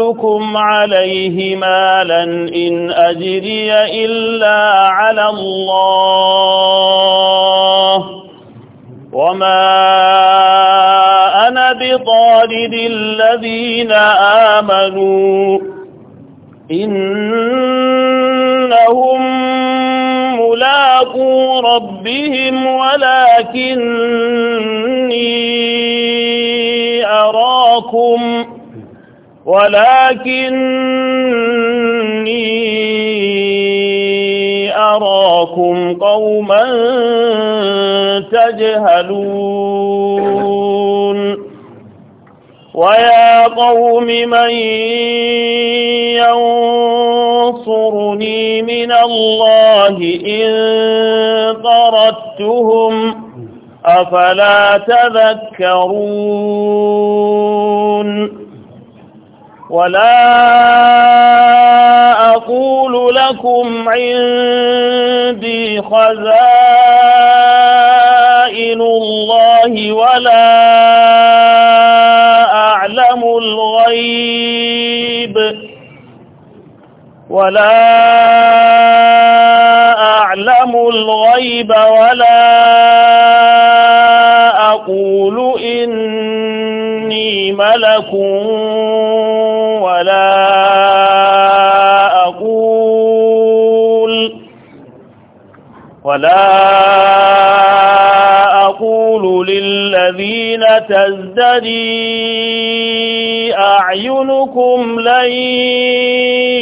أسألكم عليه مالا إن أجري إلا على الله وما أنا بطارد الذين آمنوا إنهم ملاقو ربهم ولكني ولكني أراكم قوما تجهلون ويا قوم من ينصرني من الله إن طردتهم أفلا تذكرون ولا أقول لكم عندي خزائن الله ولا أعلم الغيب ولا أعلم الغيب ولا أقول إني ملك ولا أقول للذين تزدري أعينكم لن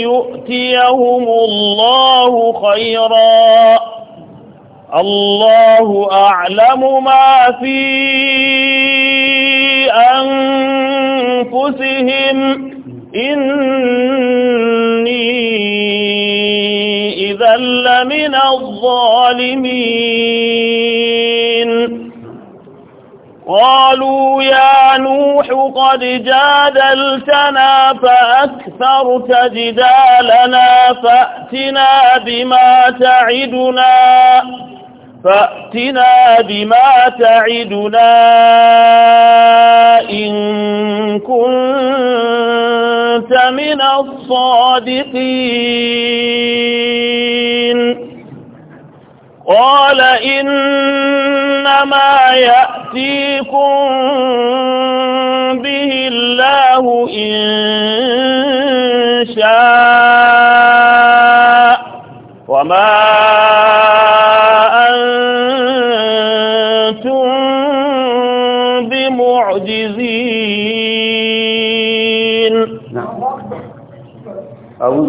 يؤتيهم الله خيرا الله أعلم ما في أنفسهم بل من الظالمين قالوا يا نوح قد جادلتنا فأكثرت جدالنا فأتنا بما تعدنا فأتنا بما تعدنا إن كنت من الصادقين قال إنما يأتيكم به الله إن شاء وما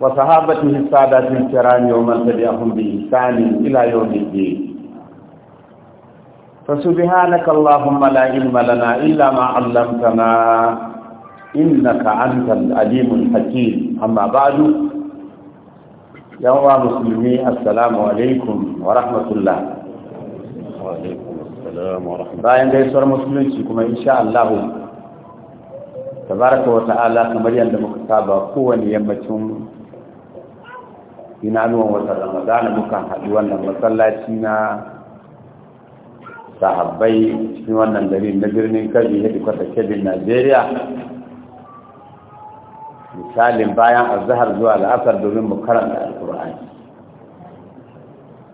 وصحابته السادات الكرام ومن تبعهم بإحسان إلى يوم الدين فسبحانك اللهم لا علم لنا إلا ما علمتنا إنك أنت العليم الحكيم أما بعد يا مسلمي السلام عليكم ورحمة الله وعليكم السلام ورحمة الله باين دي سورة مسلمين كما إن شاء الله تبارك وتعالى كما يندم سابقا قوة يمتهم Ina idanuwan wata ramadana muka haɗu wannan masallaci na sahabbai cikin wannan gari na birnin kabi ya kwata kebin najeriya misalin bayan azahar zuwa la'asar domin mu karanta alkur'ani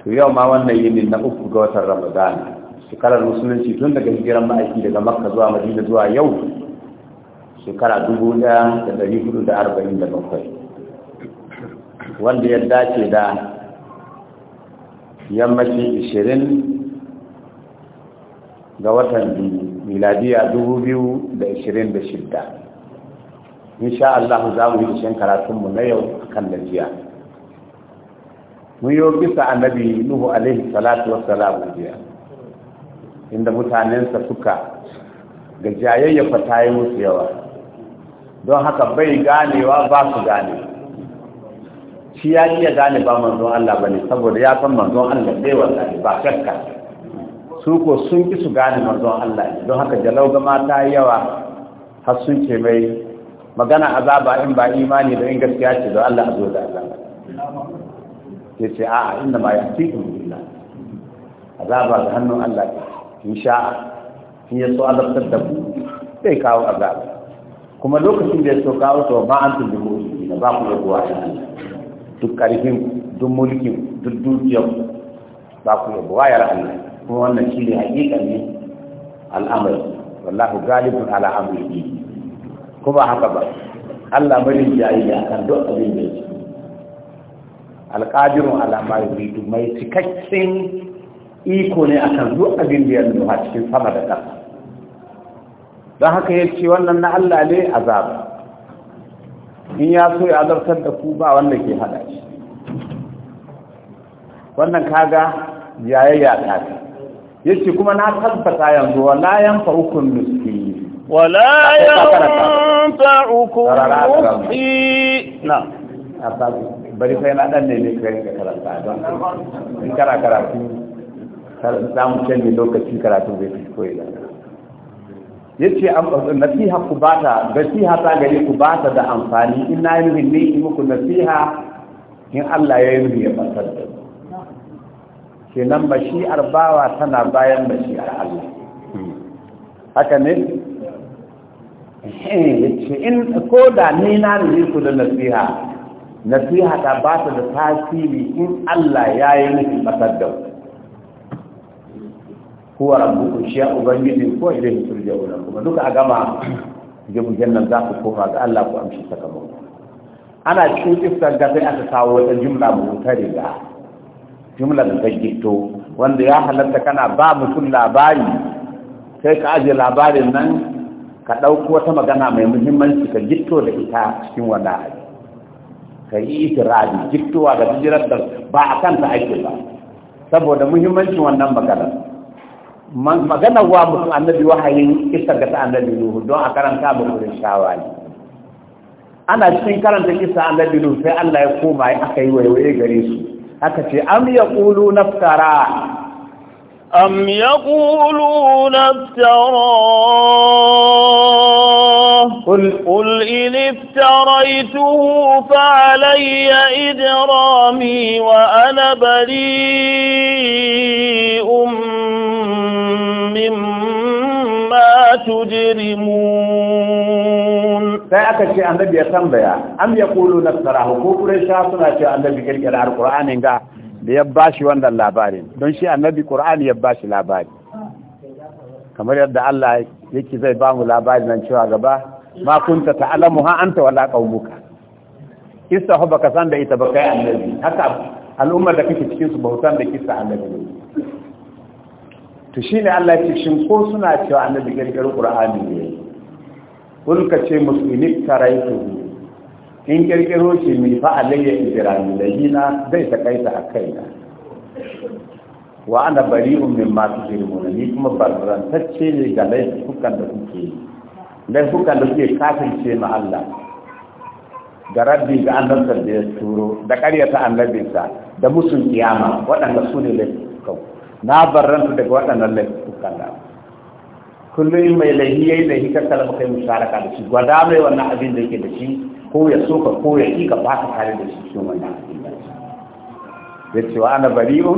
to yau ma wannan yini na uku ga watan ramadana shekarar musulunci tun daga hijiran ma'aiki daga makka zuwa madina zuwa yau shekara dubu ɗaya da ɗari hudu da arba'in da bakwai wanda ya dace da yammaci 20 ga watan miladiya 2026 insha Allah za mu yi ishen karatunmu na yau a kan lajiya mun yi bisa annabi nuhu alaihi salatu salamu jiya inda mutanensa suka ga jayayya yi musu yawa don haka bai ganewa ba su ganewa shi ya iya gane ba manzon Allah bane saboda ya san manzon Allah bai wallahi ba shakka su ko sun ki su gane manzon Allah don haka jalau ga mata yawa har sun ce mai magana azaba in ba imani da in gaskiya ce don Allah azo da Allah ya ce a'a inda ma yatiku billah azaba da hannun Allah in sha in ya so Allah da ku sai kawo azaba kuma lokacin da ya so kawo to ba an tudu ba ku da ruwa duk ƙarfin duk mulkin duk dukiyar ba ku yabo wayar Allah kuma wannan shi ne haƙiƙanin al'amari wallahu galibun ala amrihi ko haka ba Allah marin jayi a kan duk abin da yake alƙadirun ala ma yuridu mai cikakken iko ne akan duk abin da ya nuna cikin sama da ƙasa don haka ya wannan na Allah ne azaba in ya so ya zartar da ku ba wanda ke hada shi wannan kaga jayayya ta ce yace kuma na tabbata yanzu wala yanfa hukum miski wala yanfa hukum miski na bari sai na dan ne ne kai ka karanta don in kana karatu sai mu canje lokaci karatu bai koyi da ya ce nasiha ku ba ta nasiha ta gari ku ba ta da amfani in na yi nuhin ne yi muku nasiha in Allah ya yi nuhi ya fasar da ke nan mashi'ar bawa tana bayan mashi'ar Allah haka ne eh, ya ce in ko da ni na yi ku da nasiha nasiha ta ba ta da tasiri in Allah ya yi nuhi fasar da ku Kuwa rabbukum shi ya ubangiji ko idan turja'una kuma duka a gama je mu za ku koma ga Allah ku amshi sakamako ana cikin iskar ga sai aka kawo wata jumla mu ta riga jumla da ta gito wanda ya halarta kana ba mutum labari sai ka aje labarin nan ka ɗauko wata magana mai muhimmanci ka gito da ita cikin wani ka yi itirazi gittowa ga bijirar da ba a kanta ake ba saboda muhimmancin wannan magana. magana wa mutum annabi wahayin kisa ga ta annabi nuhu don a karanta ba kurin shawani ana cikin karanta kisa annabi nuhu sai Allah ya koma ya aka yi waiwaye gare su aka ce am yaqulu naftara am yaqulu naftara قل قل إن افتريته فعلي إجرامي وأنا بريء mimma tujrimun sai aka ce annabi ya tambaya am na sarahu ko quraisha suna ce annabi da alqur'ani ga da ya bashi wannan labarin don shi annabi qur'ani ya bashi labari kamar yadda Allah yake zai ba mu labari nan cewa gaba ma kunta ha anta wala qaumuka kissa ka san da ita ba kai annabi haka al'ummar da kake cikin su bautan da kisa annabi to ne Allah ce shin ko suna cewa annabi kirkirar ƙura'ani ne kun ka ce musulmi taraitu in kirkiro shi mai fa alayya ijrami lahina zai ta takaita a kaina wa ana bari masu mimma tujrimuna ni kuma barrantacce ne ga laifukan da kuke yi laifukan da kuke kafirce ma Allah da rabbi ga annabtar da ya turo da ƙaryata annabinsa da musun kiyama waɗanda su ne laifukan na barranta daga waɗannan laifukan da kullum mai laifi yi laifi ka kala kai musharaka da shi gwada mai wannan abin da yake da shi ko ya soka ko ya ki ka baka tare da shi cikin wannan abin ya ce wa ana bari su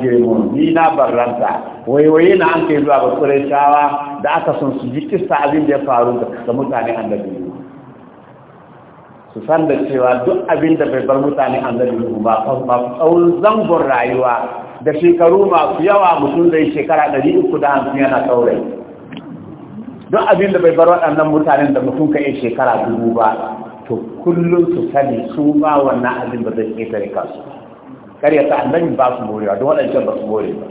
je mun ni na barranta waiwaye na an kai zuwa ga qurayshawa da aka son su ji kista abin da ya faru da mutane annabi su san da cewa duk abin da bai bar mutane annabi ba ba tsawon zangon rayuwa da shekaru masu yawa mutum zai shekara 350 yana saurayi don abin da bai bar waɗannan mutanen da mutum ka yi shekara dubu ba to kullum su sani su ba wannan abin ba zai ƙetare kasu. kar ya sa annabi ba su morewa don waɗancan ba su more ba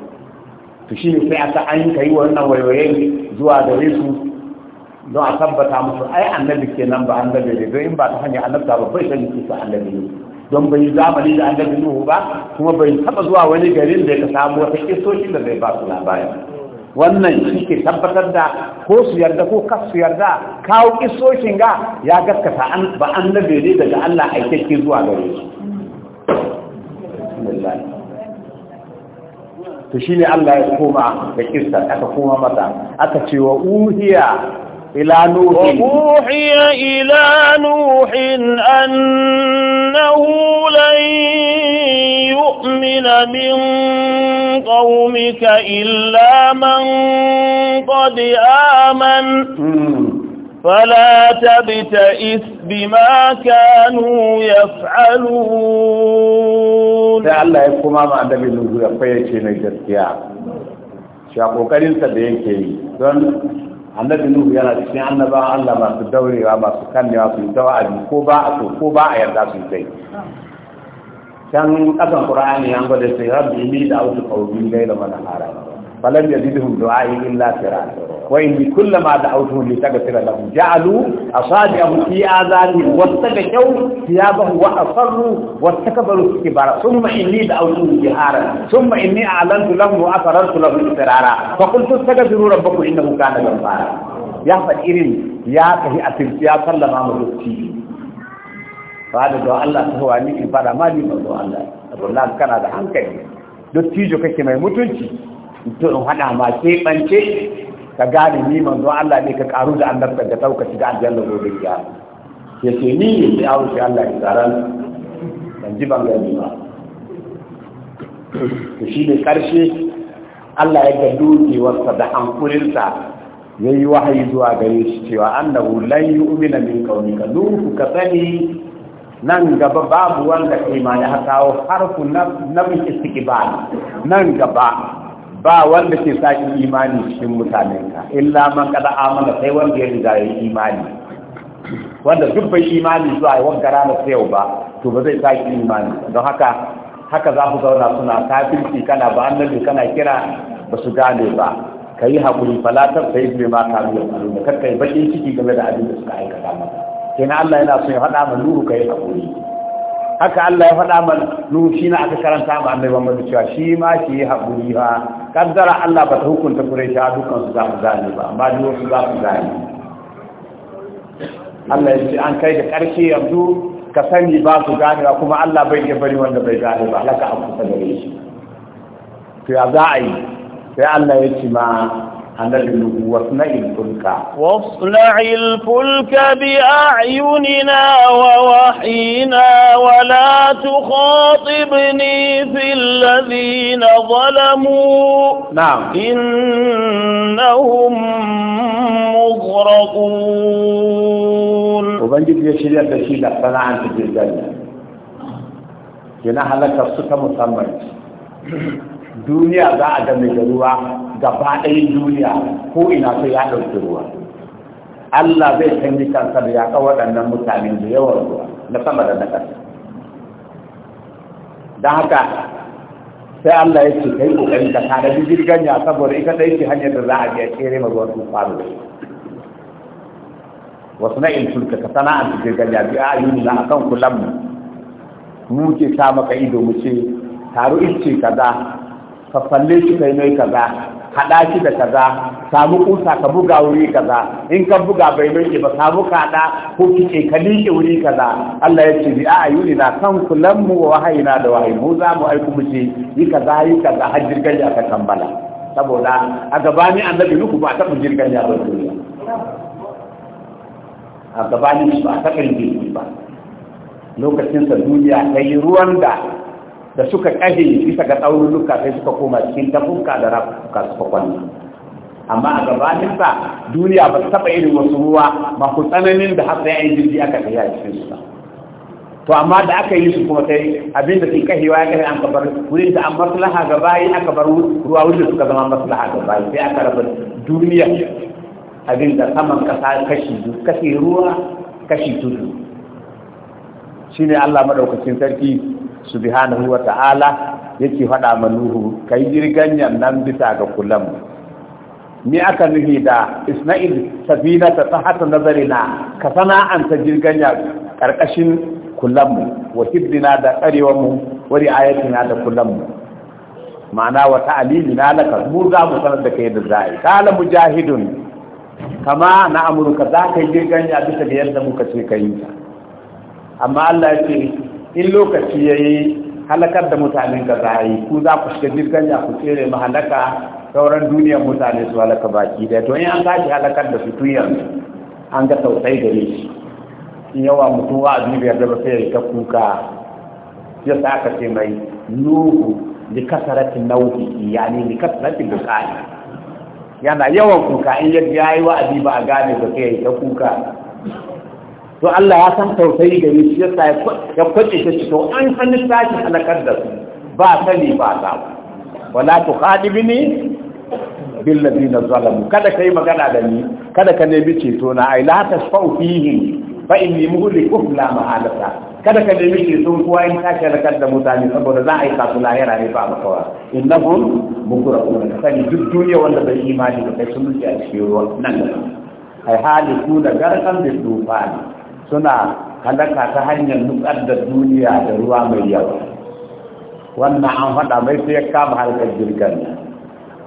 to shi ne sai aka an yi wannan waiwaye zuwa gare su don a tabbata musu ai annabi kenan ba annabi ne don in ba ta hanyar annabta ba bai sani su annabi ne don bai zamani da annabi nuhu ba kuma bai taba zuwa wani garin da ya samu wata kisoshin da zai ba su labari wannan shi tabbatar da ko su yarda ko kas su yarda kawo kisoshin ga ya gaskata an ba annabi ne daga Allah aikakke zuwa gare shi to shine Allah ya koma da kissa aka koma mata aka cewa wa uhiya إلى نوح وأوحي إلى نوح أنه لن يؤمن من قومك إلا من قد آمن فلا تبتئس بما كانوا يفعلون الله يقوم مع النبي نوح يقول شيء نجد يا شاكو كريم تبين كي annabi nuhu yana cikin annaba Allah masu daurewa masu kannewa su ta wa'azi ko ba a so ko ba a yarda su kai can kasan qur'ani an gwada sai rabbi ni da autu qawmi layla wa nahara فلم يزدهم دعائي إلا فرارا وإني كلما دعوتهم لتغفر لهم جعلوا أصابعهم في آذانهم واستغشوا ثيابهم وأصروا واستكبروا استكبارا ثم إني دعوتهم جهارا ثم إني أعلنت لهم واقررت لهم فرارا فقلت استغفروا ربكم إنه كان غفارا يا فقيرين يا كهيئة يا صلى ما مرتي فهذا دعاء الله هو أني إبارة ما لي من دعاء الله أقول الله كان هذا عنك دعاء تيجو كيكي ما يموتونك to in haɗa ma keɓance ka gane ni manzo Allah ne ka karu da annabta ka sauka shiga aljanna gobe ya ya ce ni ne sai awo shi Allah ya tsara ban ji ban gani ba to shi ne karshe Allah ya ga dogewarsa da hankulinsa ya yi wahayi zuwa gare shi cewa annahu lan yu'mina min ka nufu ka sani nan gaba babu wanda kai ma ya kawo harfu na ba nan gaba ba wanda ke saki imani cikin ka illa man kada amana sai wanda ya riga ya yi imani wanda duk bai imani zuwa yi wanka rana ta yau ba to ba zai saki imani don haka haka za ku zauna suna kafirci kana ba annabi kana kira ba su gane ba ka yi haƙuri falatar sai zai ma ka biya faru kakkai baƙin ciki game da abin da suka aikata maka kenan Allah yana son ya faɗa ma nuru ka yi haƙuri haka Allah ya faɗa mana nuhu shi na aka karanta ma annabi Muhammad cewa shi ma shi ya haƙuri ha kaddara Allah ba ta hukunta Quraisha dukkan su za su gane ba amma duk su za su gane Allah ya ce an kai da ƙarshe yanzu ka sani ba su gane ba kuma Allah bai iya bari wanda bai gane ba halaka a kusa gare shi to ya za a yi sai Allah ya ce ma واصنع الفلك الفلك بأعيننا ووحينا ولا تخاطبني في الذين ظلموا نعم إنهم مغرقون وبنجد يشير بشيء لقنا عن في الجنة جناح لك الصفة مصمت دنيا بعد a gaba ɗayin duniya ko ina sai ya ɗauki ruwa Allah zai canji kansa da ya ka waɗannan mutane da yawan ruwa na sama da na ƙasa don haka sai Allah ya ce kai ƙoƙari ka tare da jirgin ya saboda ita ɗaya ce hanyar da za a biya kere ma ruwan da wasu na insulta ka sana'ar da jirgin ya biya ayyuni na akan kulan mu mu ke sa maka ido mu ce taru ice kaza ka falle shi kai mai kaza haɗa shi da kaza samu kusa ka buga wuri kaza in ka buga bai bai ba samu kaɗa ko kike ka liƙe wuri kaza Allah ya ce bi a ayyuli na kan kulan mu wahayi na da wahayi mu za mu aiku mu ce yi kaza yi kaza har jirgin ya ka kambala saboda a gabani annabi nuku ba taɓa jirgin ya ba duniya a gabani ba taɓa yin jirgi ba lokacin sa duniya ta yi ruwan da da suka kashe bisa ga tsaunuka sai suka koma cikin tafuka da rafuka suka kwanta amma a gabaninsa duniya ba ta taɓa irin wasu ruwa ba ku tsananin da har yayin jirgi aka tafiya a cikin su to amma da aka yi su kuma sai abinda sun kahewa ya kahe an kabar wurin da an maslaha ga bayi aka bar ruwa wurin da suka zama maslaha ga bayi sai aka raba duniya abin da saman kasa kashi kashi ruwa kashi tudu shine Allah madaukakin sarki subhanahu wa ta'ala yake faɗa ma nuhu kai jirgin nan bisa ga kullum ni aka nuhi da isma'il safina ta nazari na, ka sana'anta jirganya karkashin kullum wa hibdina da tsarewa mu wa ri'ayatina da kullum ma'ana wa ta'alimina laka mu za mu sanar da kai da za'i kala mujahidun kama na amurka za ka yi ya bisa ga yadda muka ce ka yi amma Allah ya ce in lokaci ya yi halakar da mutanen ka za yi ku za ku shiga jirgin ya ku tsere ma halaka sauran duniyar mutane su halaka baki da to in an shi halakar da su tun yanzu an ga tausayi ne shi in yawa mutum wa biyar da ba sai ta kuka ya sa aka ce mai nuhu li kasaratin nauhi yani li kasaratin bukai yana yawan kuka in ya yi wa ba a gane ba sai ta kuka to Allah ya san tausayi da ni shi yasa ya kwace shi to an san tashi halakar da su ba sani ba ta wala tuqadibni bil ladina zalamu kada kai magana da ni kada ka nemi ceto na ai la tasfau fihi fa inni muhlikum la mahalata kada ka nemi ceto kuwa in ka halakar da mutane saboda za a yi kasu lahira ne ba makawa innahum mukrafun sani duk duniya wanda bai imani da kai sun a cikin ruwan nan ai hali kuna garkan da tufani suna halaka ta hanyar nutsar da duniya da ruwa mai yawa wannan an faɗa mai sai ya kama harkar jirgin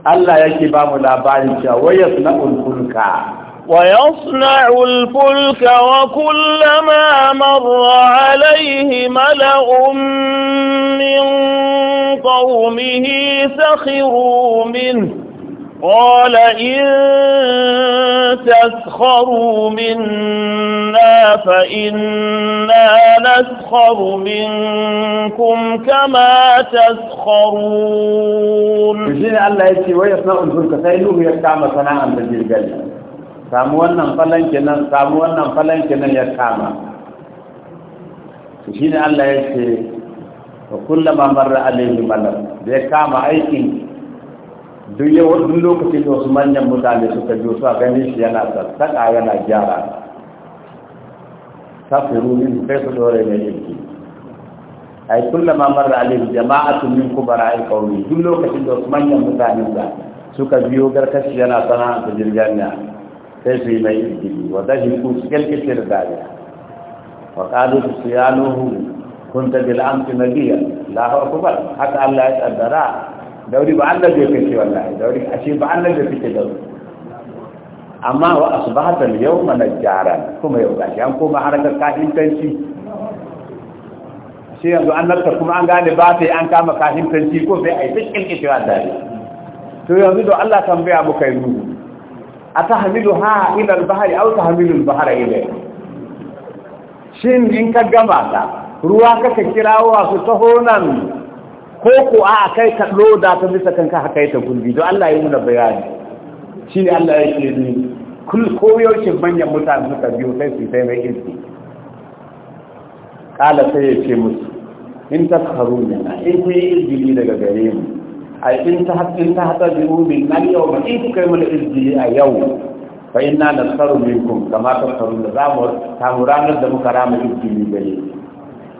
Allah yake ba mu labari cewa wayas na ulfulka ويصنع الفلك وكلما مر عليه ملأ من قومه سخروا منه قال إن تسخروا منا فإنا نسخر منكم كما تسخرون بجين الله يتي ويسنع الزلك سيلوه يتعمى صناعا بجير قلنا ساموانا انقلن كنا ساموانا انقلن كنا يتعمى بجين الله يتي وكلما مر عليه ملك بيكعمى أي كنك duk yawan duk lokacin da wasu manyan mutane suka biyo su a ganin shi yana sassaka yana gyara kafiru min kai su dore mai yanki ai kullama marra jama'a jama'atu min kubara ai qaumi duk lokacin da wasu manyan mutane da suka biyo garkashi yana sana ta jirganya sai su yi mai izgili wa dahiku su kyalkice da dariya wa qalu siyanuhu kunta bil amsi nabiyya Allahu akbar haka Allah ya kaddara dauri ba Allah zai kace wallahi dauri a ce ba Allah zai kace dauri amma wa asbahata al-yawma najjaran kuma yau gashi an koma harkar kafintanci shi yanzu an narka kuma an gane ba sai an kama kafintanci ko sai ai fiskin kicewa da to yanzu da Allah tambaya muka yi ruhu ha ila al-bahri aw tahmilu al-bahra ila shin in ka gama ta ruwa kake kirawo su taho nan ko ko a kai ka loda ta bisa kanka haka ya ta gulbi don Allah ya muna bayani shi ne Allah ya ce ni kul koyaushe manyan mutane suka biyu sai su sai mai izini kala sai ya ce musu in ta karu na in ku yi izini daga gare mu a in ta hatsin ta hata biyu min nan yau ba in ku kai mana izini a yau fa inna nasaru minkum kama ta karu da zamu ta ranar da muka rama izini gare mu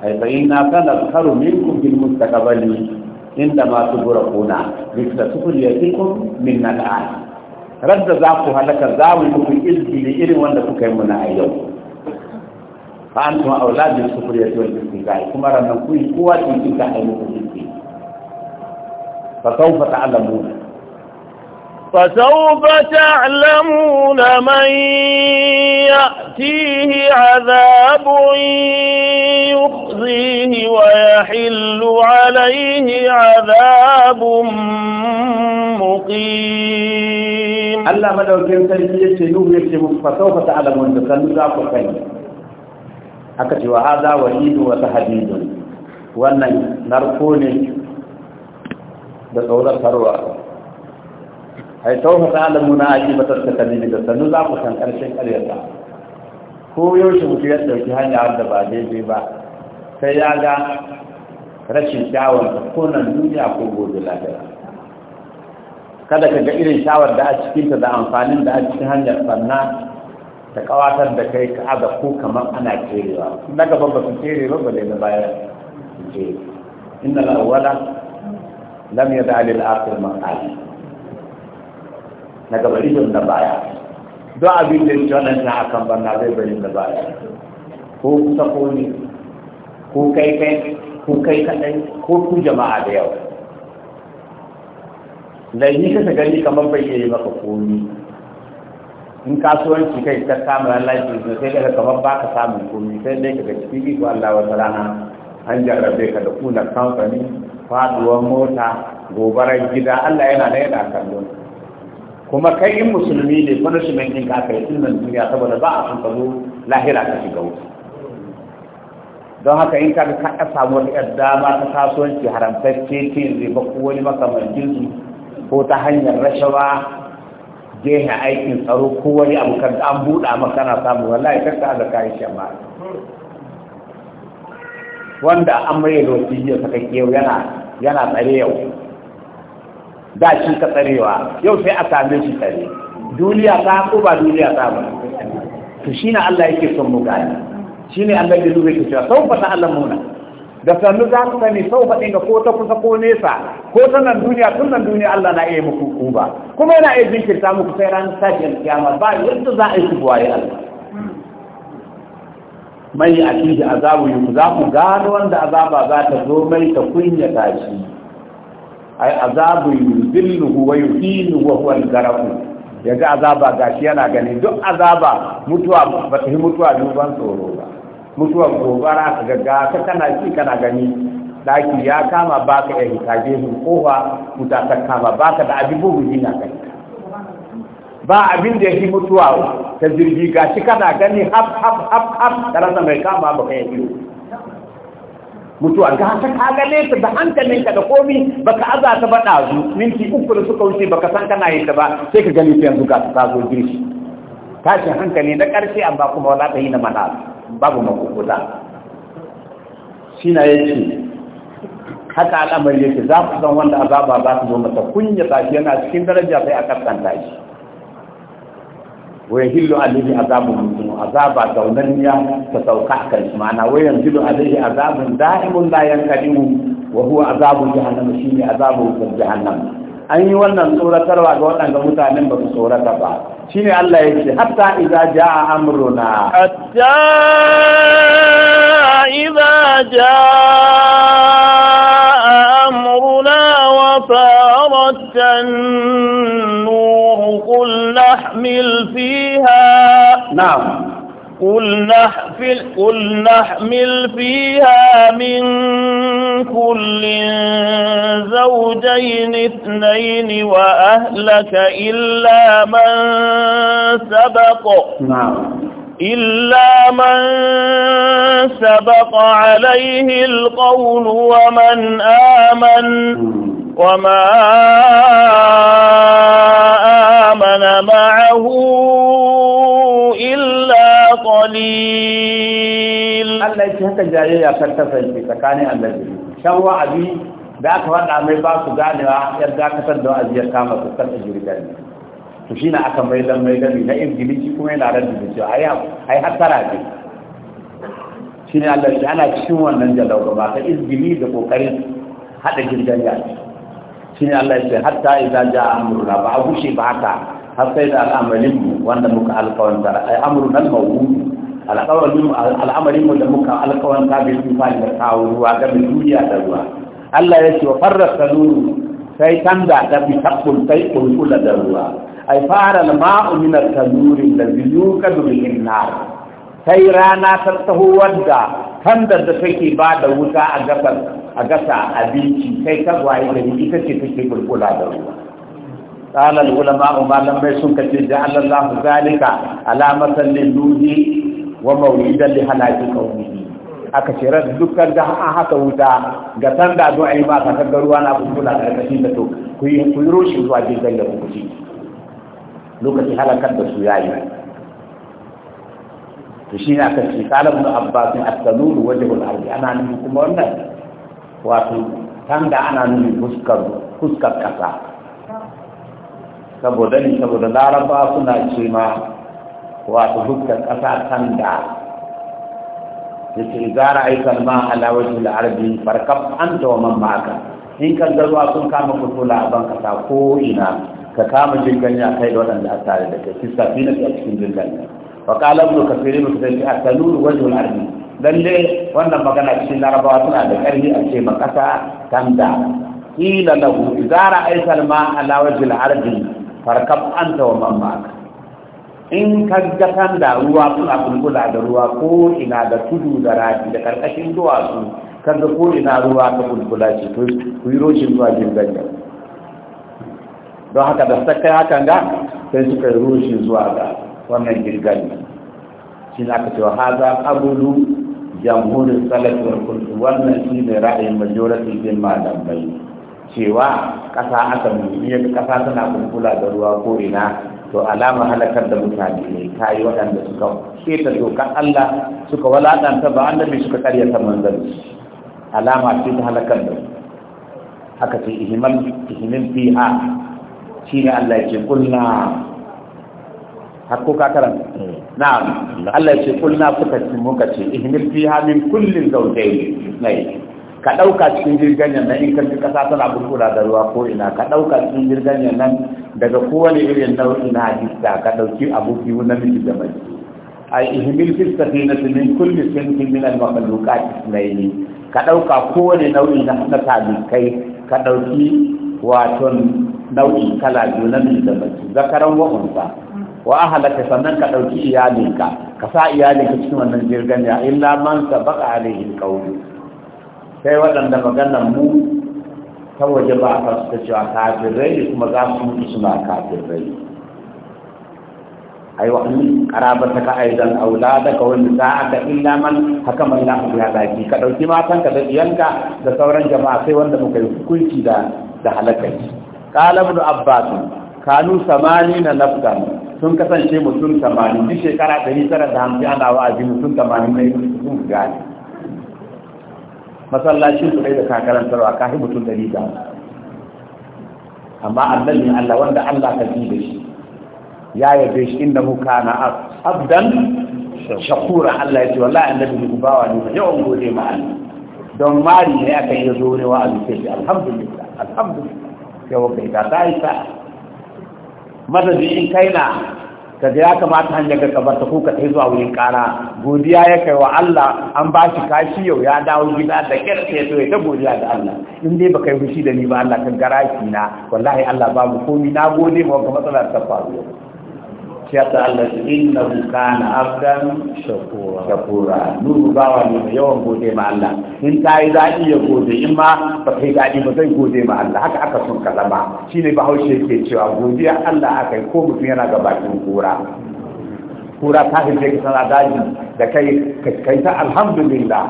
أي كان سنظهر منكم في المستقبل عندما تبرقون مثل سخريتكم من الآن رد ذاك هلك زاوي في إذن لإلي وأن تكيمنا اليوم فأنتم أولاد في والاستهزاء كما رمنا كل قوة إن كان فسوف تعلمون فسوف تعلمون من يأتيه عذاب يخزيه ويحل عليه عذاب مقيم الله مدوكين تربية شنوه يكتب فسوف تعلمون تسلوا ذاك وكين أكتب وهذا وعيد وتحديد وأن نركوني بصورة ثروة ai taufa ta alamu na aki ba tattaka ne da sannu za ku san karshen karyarsa ko yaushe mutum ya ɗauki hanya da ba daidai ba sai ya ga rashin ta ko nan duniya ko gobe lafiya kada ka ga irin shawar da a cikinta da amfanin da a cikin hanyar sanna ta kawatar da kai ka ko kamar ana kerewa na gaba ba su kere ba bale na baya su kere inna lam yada alil akhir maqali na gaba rijin na baya don abin da ya wannan na akan banna zai bari da baya ko kusa ko ne ko kai kai ko kai kaɗai ko ku jama'a da yawa laifi ka ta gani kamar bai yi maka komi in kasuwanci kai ka samu Allah ya sai daga kamar ba ka samu komi sai dai ka ga cikin ko Allah wata rana an jarrabe ka da kuna kamfani faduwar mota gobarar gida Allah yana da yana kallon kuma kai in musulmi ne punishment din ka kai tun nan duniya saboda ba a san lahira ka shiga wuta don haka in ka ka samu wani yar dama ta kasuwanci haramtacce ce zai ba ko wani makamancin su ko ta hanyar rashawa gehen aikin tsaro ko wani abu kan an buɗa maka na samu wallahi kar ka azaka shi amma wanda an mai da wasiyya saka kewa yana yana tsare yau da shi ka tsarewa yau sai a same shi tsare duniya ta ko ba duniya ta ba to shi ne Allah yake son mu gani shi ne Allah ya dubai yake cewa sau fata Allah muna da sannu za ku sani sau faɗin ga ko ta kusa ko nesa ko ta nan duniya tun nan duniya Allah na iya muku kuba kuma yana iya jinkirta muku sai ranar sashen kiyama ba yadda za a yi su buwaye Allah mai a cikin azabu yi za ku gano wanda azaba za ta zo mai ta kunya tashi ai azabu yuzilluhu wa yuhinu wa huwa al-gharq yaga azaba gashi yana gani duk azaba mutuwa ba ta mutuwa duban tsoro ba mutuwa gobara ka gaga ka kana ci kana gani daki ya kama baka ya hikaje su kowa wuta ta kama baka da abin bugu na kai ba abin da yake mutuwa ta jirgi gashi kana gani haf haf haf haf da rasa mai kama baka ya yi mutuwa ga ta kagale ta da hankalinka da komi baka aza ta ba ɗazu minti uku da suka wuce baka san kana yin ta ba sai ka gani ta yanzu ga ta zo girshi tashin hankali na karshe amma kuma wala ta yi na mana babu makukuta shi na yake haka al'amari yake za ku san wanda azaba za su zo mata kunya tashi yana cikin daraja sai a kaskanta shi ويهلو عليه عذاب مدن عذاب دونانيا تتوقع كالسمانا وينزل عليه عذاب دائم لا ينكريم وهو عذاب جهنم الشيء عذاب جهنم أي ولن سورة تروا جوانا جمتا نمبر سورة تبا شين الله يكي حتى إذا جاء أمرنا حتى إذا جاء أمرنا وفارت نحمل فيها نعم قل نحفل قل نحمل فيها من كل زوجين اثنين وأهلك إلا من سبق نعم إلا من سبق عليه القول ومن آمن وما آمن معه إلا قليل الله يتحدث جائعي يا سرطة فلسي تكاني الله يتحدث شوى ذاك وقت عمي باسو قاني وآخر ذاك تدو أزيار كامة سرطة جريداني تشينا أكا ميدان ميداني نائم جميشي كمين لعرد جميشي أيها أي حتى راجي شيني الله يتحدث أنا تشوى ننجل لو رباك إذ جميد وقريب هذا جريداني shine Allah ya ce hatta idza jaa amruna ba gushe ba haka har sai da al'amarin mu wanda muka alƙawanta ai amrun al mawu al'amarin mu al'amarin mu da muka alƙawanta bai tufani da kawo ruwa ga duniya da ruwa Allah ya ce wa farrasa nuru sai tanda ta fi tabbul sai kulkula da ruwa ai fara al-ma'u min at-tanuri da biyu bihi an-nar sai rana ta taho wadda da take ba da wuta a gasa abinci sai ta waye da ita ce take bulbula da ruwa قال العلماء ما لم يسن كثير جعل الله ذلك علامة للوه وموعدا لهلاك قومه aka shirar dukkan da an haka wuta ga sanda don a yi ba ka ruwa na kuskula da ƙarƙashin da to ku yi rushe zuwa jirgin da kuku ci lokacin halakar da su yayi to shi ne aka ce kala ibn abbas at-tanur wajhul ardi ana nuna kuma wannan wato tanda ana nuna fuskar fuskar kasa saboda ni saboda laraba suna ce ma wato fuskar kasa tanda yake igara aikan ma ala wajhul ardi an anta wa man ma'aka in kan ga ruwa sun kama kusula a ban kasa ko ina ka kama jirgin ya kai da waɗanda a tare da kai fi safina a cikin jinganya wa qala ibn kathir ibn kathir at-tanur wajhu al-ardh lalle wannan magana cikin larabawa suna da ƙarfi a ce ma ƙasa tanda kila lahu idza ra'aita al-ma'a ala wajhi al-ardh farkab anta wa man ma'aka in ka ga tanda ruwa suna bulbula da ruwa ko ina da tudu da rafi da karkashin duwatsu kaga ko ina ruwa ta bulbula ce to ku yi roshin zuwa jirgin don haka da sakai hakan ga sai suka yi roshin zuwa ga wannan jirgin ne shi na ka haza kabulu jamhurin salafi wal kultu wannan shi ne ra'ayin majority din malamai cewa ƙasa aka mulki kasa tana kulkula da ruwa ko ina to alama halakar da mutane ne ta yi waɗanda suka keta dokar Allah suka walaɗanta ba annabi suka ta manzanci alama ce ta halakar da haka ce ihimin fiha, shi ne Allah ya ce kulna har ko ka karanta hmm. na'am hmm. Allah ya ce na fita cikin muka ce ihmil fiha min kullin zawjayn nay ka dauka cikin jirganyan nan in ka ci kasa tana burbura da ruwa ko ina ka dauka cikin jirganyan nan daga kowane irin nau'i na hadisa ka dauki abu biyu na miji da mace ai ihmil fi safinati min kulli sinfin min al-makhluqat isnaini ka dauka kowane nau'i na bi kai ka dauki wato nau'i kala biyu na miji da mace zakaran wa unsa wa ahalaka sannan ka ɗauki iyalinka ka sa iyalinka cikin wannan jirgin ya illa man baka alaihi alqawl sai waɗanda maganar mu ta waje ba ka su cewa kafirai kuma za su mutu suna kafirai ai wa an ta ka aidan ka wani za ka illa man haka mai na ya daki ka ɗauki matanka da iyanka da sauran jama'a sai wanda muka yi hukunci da da halakai qala ibn abbas kanu samani na nafsa sun kasance mutum tamanin duk shekara ɗari tara da hamsin ana wa'azi mutum tamanin na sun gane masallacin su ɗai da kakarantarwa kahi mutum ɗari da amma annabi Allah wanda Allah ka ji da shi ya yabe shi inda mu kana abdan shakura Allah ya ce wallahi annabi ku bawa ne yawan gode ma Allah don mari ne aka yi zo ne wa'azi sai alhamdulillah alhamdulillah sai wa kai ta ta madadi in kai na ka ya kamata hanyar ga kabar ta ka ta zuwa wurin kara godiya ya kai wa Allah an ba shi kashi yau ya dawo gida da kyarta ya ta godiya da Allah in dai baka yi fushi da ni ba Allah kan garaki na wallahi Allah babu komi na gode ma ga matsalar ta faru yasa Allah shi inna kana abdan shakura shakura nuru bawa ne mai yawan gode ma Allah in ta yi zaɗi ya gode in ma ba yi zaɗi ba zai gode ma Allah haka aka sun shi ne ba haushe ke cewa godiya Allah aka yi ko mutum yana ga kura kura ta fi ka sana daji da kai kai ta alhamdulillah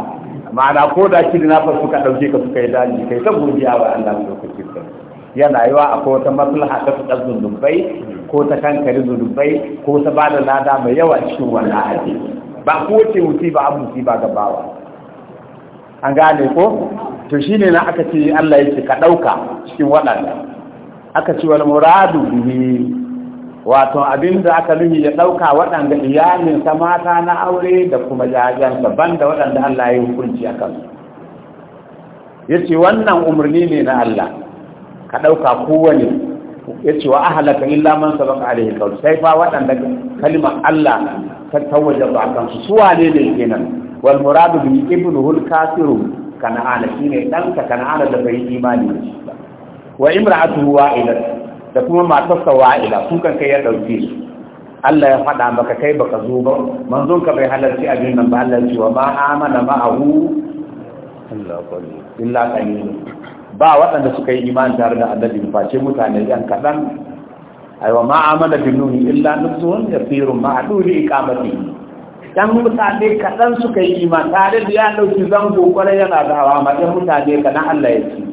ma'ana ko da shi na fa ka ɗauke ka suka yi daji kai ta godiya wa Allah lokacin yana yiwa akwai wata maslaha ta fi ɗan zundumbai ko ta kankari zurubai ko ta ba da lada mai yawa cikin wannan aiki ba ko ce ba an wuti ba gabawa. an gane ko to shi ne na aka ce Allah yake ka dauka cikin waɗanda aka ce wani muradu bihi wato abinda aka nuhi ya ɗauka waɗanda iyalin sa mata na aure da kuma jajansa, ban da waɗanda Allah ya yi hukunci akan su ce wannan umarni ne na Allah ka dauka kowane ya ce wa ahalaka illa man sabaka alaihi qawl sai fa waɗanda kalima Allah ta tawaje ba kan su su wane ne kenan wal muradu bi ibnuhu al kafiru kana'ana shine dan ka kana'ana da bai imani da shi ba wa imra'atuhu wa'ilat da kuma matarsa wa'ila su kan kai ya dauke su Allah ya faɗa maka kai baka zo ba manzon ka bai halarci abin nan ba Allah ya ce wa ma amana ma'ahu illa qalil illa qalil ba waɗanda suka yi imani tare da annabi face mutane yan kaɗan aiwa amana bin nuhi illa nufsun ma ma'aduri iqamati dan mutane kaɗan suka yi imani tare da ya ɗauki zango kwarai yana da hawa ma dan mutane na Allah ya ci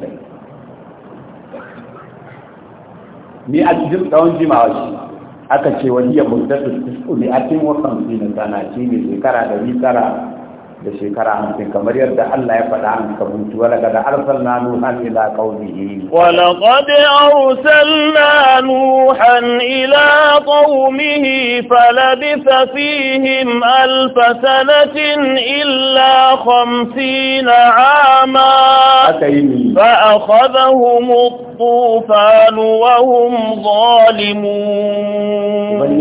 ni a cikin tsawon jimawa shi aka ce wani ya muddatu tis'u mi'atin wa khamsina sana ne shekara ɗari tara da shekara hamsin kamar yadda Allah ya faɗa an kabutu wala kada arsalna nuhan ila qaumihi wala qad arsalna nuhan ila qaumihi falabitha fihim alf sanatin illa 50 ama fa akhadhahum الطوفان وهم ظالمون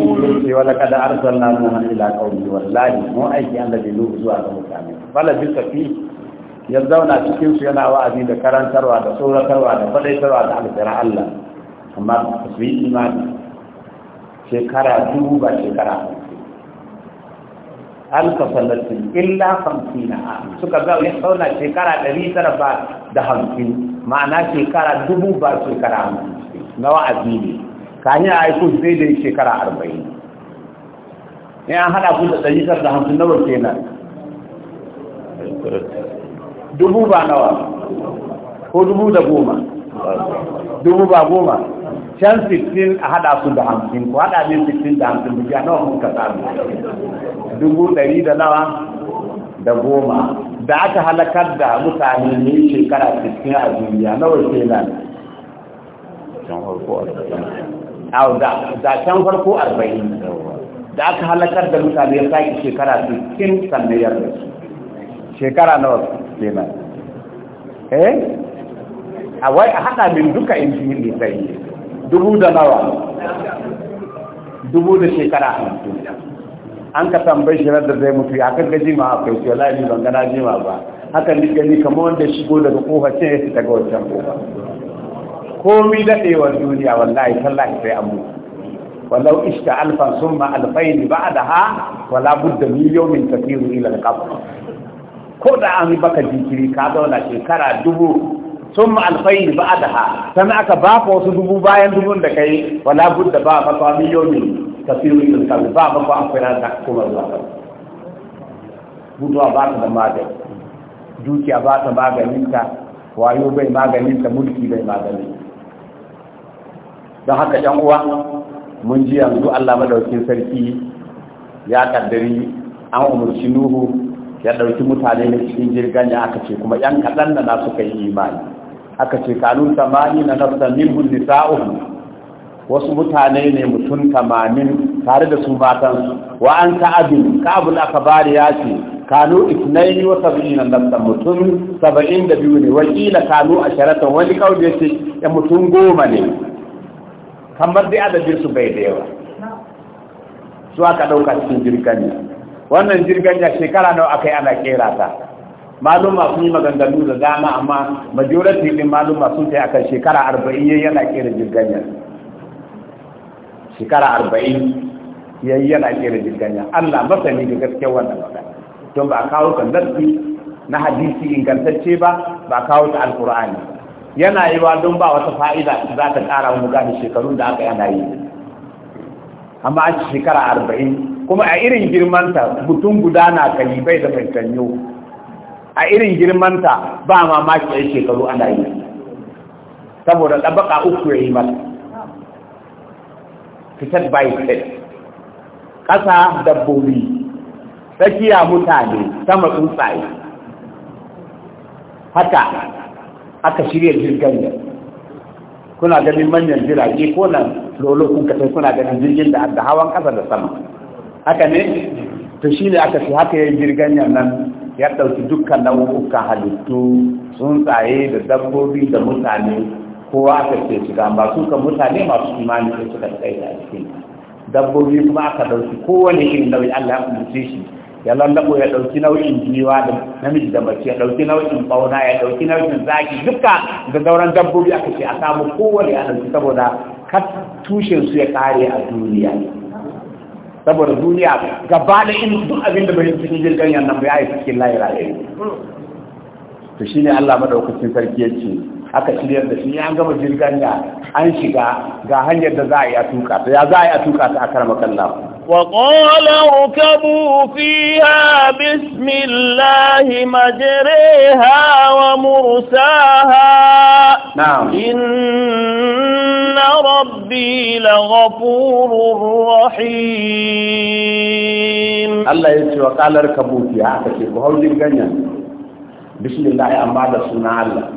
wala kada arsalna nuhan ila qaumi wallahi mu aiki annabi nuhu zuwa ga balabi safi ya zauna cikin su yana wa'azi da karantarwa da tsoratarwa da faɗaitarwa da alƙira Allah amma su yi imani shekara dubu ba shekara alka salatin illa hamsin suka zaune sauna shekara ɗari tara ba da hamsin ma'ana shekara dubu ba shekara hamsin na wa'azi ne kayan aiko zai da shekara arba'in ya hada ku da ɗari tara da hamsin nawa kenan dubu ba nawa ko dubu da goma dubu ba goma can 16 a hada su da hamsin ko hada ne 16 da hamsin da biya nawa muka samu dubu dari da nawa da goma da aka halakar da mutane ne shekara 16 a duniya nawa ke nan da can farko 40 da aka halakar da mutane ya sake shekara 16 sannan yarda su shekara nawa kenan eh a wai a haɗa min duka in ji ne sai dubu da nawa dubu da shekara hamsin an ka tambayi shi da zai mutu ya kan gaji ma kai su yala ni ban gana jima ba hakan ni gani kamar wanda shigo daga kofa ce ya daga wancan kofa komi daɗewar duniya wallahi tallahi sai an mutu ولو اشت ألفا ثم ألفين بعدها ولا بد من يوم تسير إلى القبر ko da an baka jinkiri ka zauna shekara dubu sun alfai ba da ha sannan aka ba ka wasu dubu bayan dubun da kai wala budda ba ka kwa miliyoyi yi sun kalu ba ka an akwai da kuma zuwa ba. mutuwa ba ta da magani dukiya ba ta maganinta wayo bai maganinta mulki bai magani. don haka yan uwa mun ji yanzu Allah madaukin sarki ya kaddari an umarci Nuhu ya ɗauki mutane na cikin jirgin ya aka ce kuma ‘yan kaɗan da na suka yi imani aka ce kanun tamani na nafsan minhun nisa'un wasu mutane ne mutum tamanin tare da su matan wa an ka'abin ka'abul akabari ya ce kanu isnaini wa sab'ina nafsan mutum saba'in da biyu ne wakila kanu asharatan wani kawai ya ce ya mutum goma ne kamar dai adadin su bai da yawa su aka ɗauka cikin jirgin wannan jirgin ya shekara nawa akai ana kera ta maluma sun yi maganganu da dama amma majority din maluma sun ce akan shekara arba'in yayi yana kera jirgin ya shekara arba'in yayi yana kera jirgin ya Allah masani da gaskiyar wannan magana don ba kawo kan na hadisi ingantacce ba ba kawo ta alqur'ani yana yi wa don ba wata fa'ida za ta ƙara mu gane shekarun da aka yana yi amma a shekara arba'in kuma a irin girmanta mutum guda na kalibai da mai a irin girmanta ba mamaki a shekaru ana yi saboda ɗabaka uku ya yi mata fitar by step ƙasa dabbobi tsakiya mutane sama tsuntsaye haka aka shirya jirgin da kuna ganin manyan jirage ko nan lolo kun kasai kuna ganin jirgin da hawan ƙasa da sama haka ne to shi ne aka fi haka yin jirgin nan ya ɗauki dukkan nau'ukan halittu tsuntsaye da dabbobi da mutane kowa aka ce shiga ba su kan mutane masu imani da suka tsaye a cikin dabbobi kuma aka ɗauki kowane irin nau'i Allah ya umarce shi ya lallabo ya ɗauki nau'in jiwa da namiji da mace ya ɗauki nau'in bauna ya ɗauki nau'in zaki duka da sauran dabbobi aka ce a samu kowane ya ɗauki saboda kar tushen su ya ƙare a duniya saboda duniya gaba da in duk abin da bai cikin jirgin yannan bai aiki cikin layi to shine Allah madaukakin sarki yake aka shiryar da shi an gama jirgin ya an shiga ga hanyar da za a yi a tuka to ya za a yi a tuka ta akar kalla. وقال اركبوا فيها بسم الله مجريها ومرساها نعم إن إِنَّ رَبِّي لَغَفُورٌ رَّحِيمٌ Allah ya ce wa kalar kabuti haka ce ko haudin ganyen da suna Allah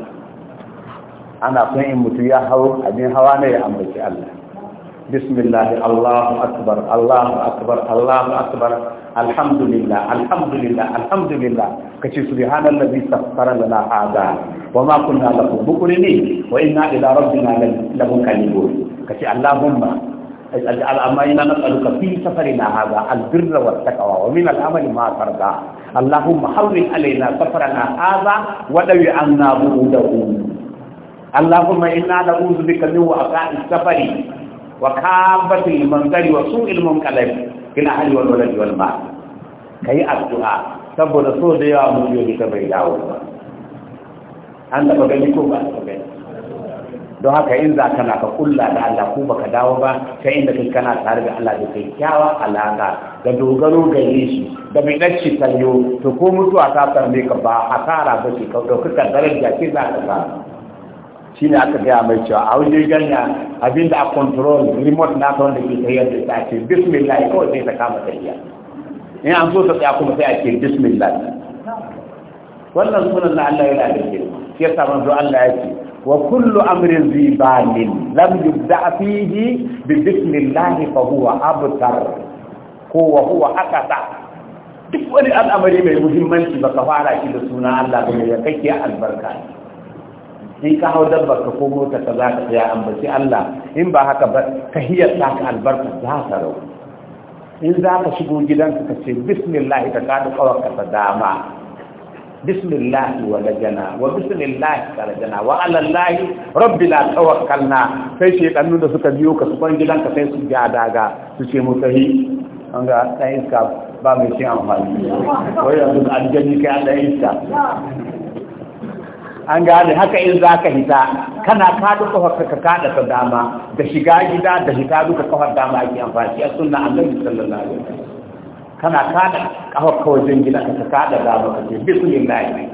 ana son in mutu ya hau abin hawa ne ya ambaci Allah bismillah Allahu akbar Allahu akbar alhamdulillah alhamdulillah alhamdulillah kace subhanallazi sakhkhara lana hadha wama kunna lahu mukrini wa inna ila rabbina lamunqalibun kace allahumma اجعل امرنا نسالك في سفرنا هذا البر والتقوى ومن العمل ما ترضى اللهم حول علينا سفرنا هذا ودوي عنا بعوده اللهم انا نعوذ بك من Wa السفر وكابه المنزل وسوء المنقلب kina hali wal walad wal ba kai addu'a saboda so da yawa mu yi ta bai dawo ba an da gani ko ba taba don haka in za kana ka kulla da Allah ko baka dawo ba kai inda kai kana tare da Allah da kai kyawa alaka da dogaro ga shi da mai dace kallo to ko mutuwa ta tarbe ka ba hasara ba ce ka daukar daraja ki za ka samu shi ne aka gaya mai cewa a wajen ganya abinda a control remote na ta wanda ke ta yadda ta ce bismillah kawai sai ta kama iya in an so ta tsaya kuma sai a ce bismillah wannan sunan na Allah ya da girma shi yasa manzo Allah ya ce wa kullu amrin zibalin lam yubda fihi bi bismillah fa huwa abtar ko wa huwa akata duk wani al'amari mai muhimmanci baka fara shi da suna Allah ba mai kake albarka in ka hau dabbar ka ko mota ka za ka tsaya ambaci Allah in ba haka ba ka hiyar ta ka albarka za ka rau in za ka shigo gidanka ka ce bismillah ka kada kawar ka ta dama bismillah wa lajana wa bismillah ka lajana wa alallahi rabbi la tawakkalna sai shedannu da suka biyo ka su kwan gidanka sai su ja daga su ce mu sahi an ga dan iska ba mai cin amfani wai yanzu aljanni kai dan iska an gane haka in za ka hita kana kada kofar ka kada ta dama da shiga gida da hita duka kofar dama ake amfani a sunna annabi sallallahu alaihi wasallam kana kada kafar ka wajen gida ka kada dama ka ce bismillah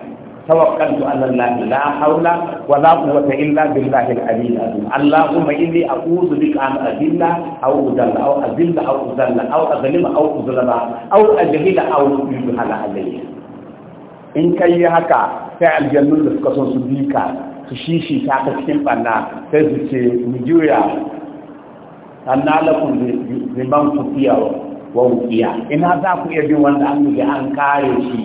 tawakkaltu ala allah la hawla wa la quwwata illa billahi al-aliyyil azim allahumma inni a'udhu bika an adilla aw udalla aw adilla aw udalla aw azlima aw uzlama aw ajhila aw yudhala alayya in kai haka sai aljannun da suka son su bika, su shishi ta ta cikin banna sai su ce mu juya annalakum liman kufiya wa wukiya ina za ku iya bin wanda an yi an kare shi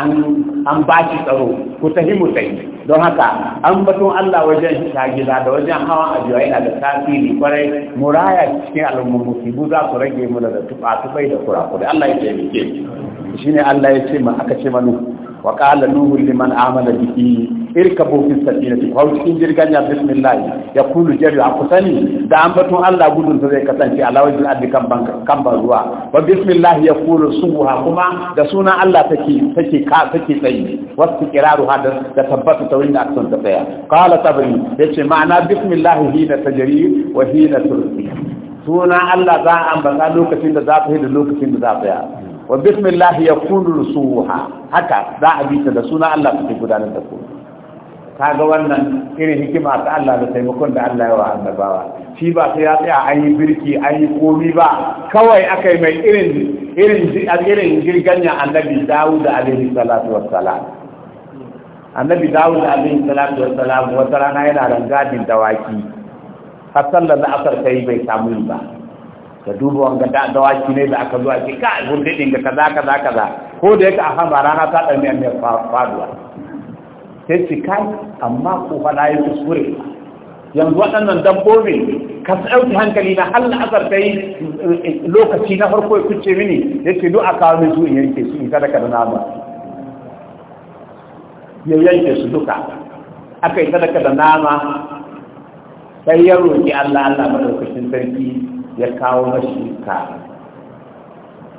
an ba shi tsaro ku tafi mu tahi don haka an baton Allah wajen gida da wajen hawan ajiya yana da tasiri kwarai muraya cikin al'ummar musibu za su rage mu da tuba tubai da kurakurai Allah ya ke shi ne Allah ya ce ma aka ce manu wa qala nuhu liman amana bihi irkabu fi safinati hau cikin jirgin ya bismillah ya kulu jari a kusani da ambaton Allah gudun zai kasance a lawajin addi kan ban ruwa wa bismillah ya kulu subuha kuma da suna Allah take take tsayi wasu kiraru hada da tabbata ta wurin da aksan ta tsaya qala tabri yace ma'ana bismillah hina tajri wa hina tursi suna Allah za a ambata lokacin da za ta yi da lokacin da za ta yi wa bismillah yakunu rusuha haka za a bi ta da suna Allah take gudanar da ku kaga wannan irin hikima ta Allah da taimakon da Allah ya wa annabawa shi ba sai ya tsaya an yi birki an yi komi ba kawai aka mai irin irin irin girganya annabi Dawud alaihi salatu wassalam annabi Dawud alaihi salatu wassalam wata rana yana rangadin dawaki har sallar da asar kai bai samu ba ka duba wanga da dawaki ne da aka zo a ce ka gurbe din ga kaza kaza kaza ko da yake a hama rana ta dan mai faduwa sai ci amma ko fa na yi kuskure yanzu waɗannan dabbobi ka tsauki hankali na hal azar ta eh, eh, lokaci na farko ya kuce mini ya ce duk a kawo min su in yanke su in sadaka da nama ya yanke su duka aka yi sadaka da nama sai ya roƙi Allah Allah madaukakin sarki ya kawo mashi ka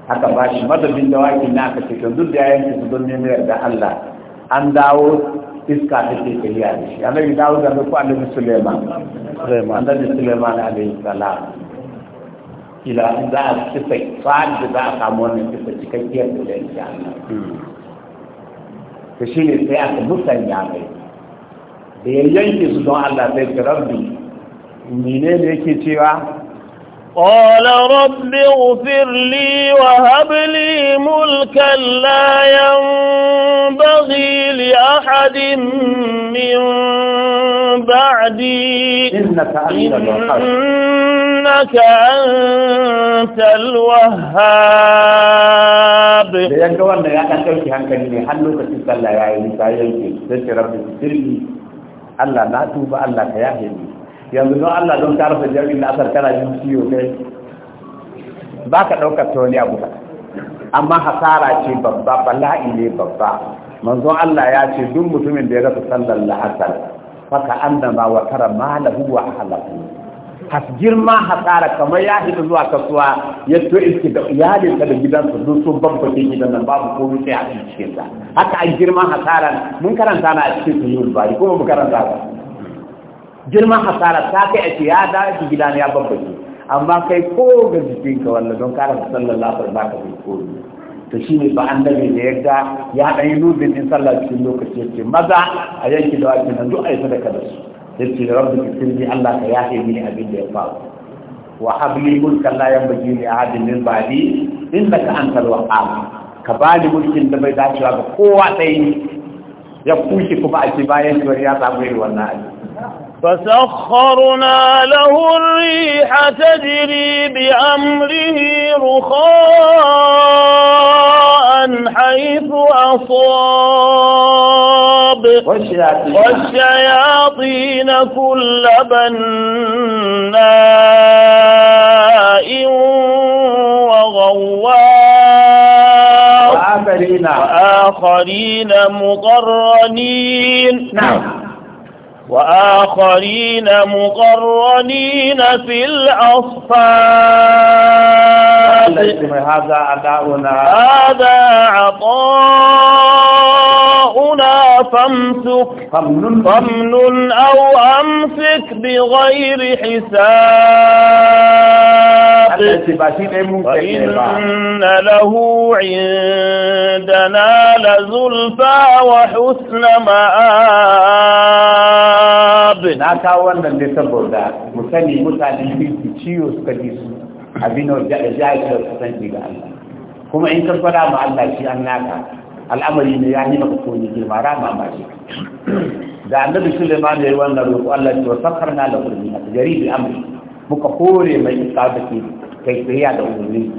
haka ba shi madadin dawakin na aka cikin duk da yayin su don neman yarda Allah an dawo iska ta ke tafiya da shi annabi dawo da ku annabi Suleiman annabi Suleiman alayhi salam ila za a kisa da za a samu wannan kisa cikakkiyar da zai ci Allah to shi ne sai aka ya mai da ya yanke su don Allah sai ga rabbi ne yake cewa قال رب اغفر لي وهب لي ملكا لا ينبغي لأحد من بعدي إنك أنت الوهاب لأنك أنت الوهاب أتوكي أنت الوهاب تسلى يا الوهاب سايوكي أنت الوهاب اغفر أنت الوهاب ناتوب أنت الوهاب yanzu don Allah don ka rasa jami'in na asar kana jin ciwo kai ba ka ɗaukar ta wani abu amma hasara ce babba bala'i ne babba manzon Allah ya ce duk mutumin da ya rasa sallar la'asar faka ma wa tara malahu wa ahlahu has girma hasara kamar ya hita zuwa kasuwa ya to iske da iyalin da gidan su duk sun babbake gidan nan babu ko sai a cikin sa haka an girma hasaran mun karanta na a cikin sahih bari ko mun karanta ba girman hasara ta kai a ce ya da ki gida ya babbace amma kai ko ga jikinka wanda don kara sallar lafar ba ka ko to ne ba annabi da ya ga ya ɗanyi nubin din cikin lokaci yake maza a yanki da wakil nan ya ai sadaka da su yace rabbi kirji Allah ka ya haini ne abin da ya faru wa habli mulkan la ne a ahadin min ba'di innaka antal wahhab ka bani mulkin da bai dacewa ga kowa ɗaya ya kushe kuma a ce bayan shi ya samu irin wannan abin فسخرنا له الريح تجري بأمره رخاء حيث أصاب والشياطين كل بناء وغواء وآخرين مقرنين نعم وآخرين مقرنين في الأصفاد هذا عطاؤنا هذا عطاؤنا فامسك فمن أو أمسك بغير حساب فإن له عندنا لزلفى وحسن مآب abin da ya yi da kusanci ga Allah kuma in kan fara ma Allah shi an naka al'amari ne ya yi maka ko ne girma rama ma shi da annabi Sulaiman ya yi wannan roƙo Allah ya tsakar na da kurmi a gari da amri muka kore mai iska da ke kai tsaya da umarni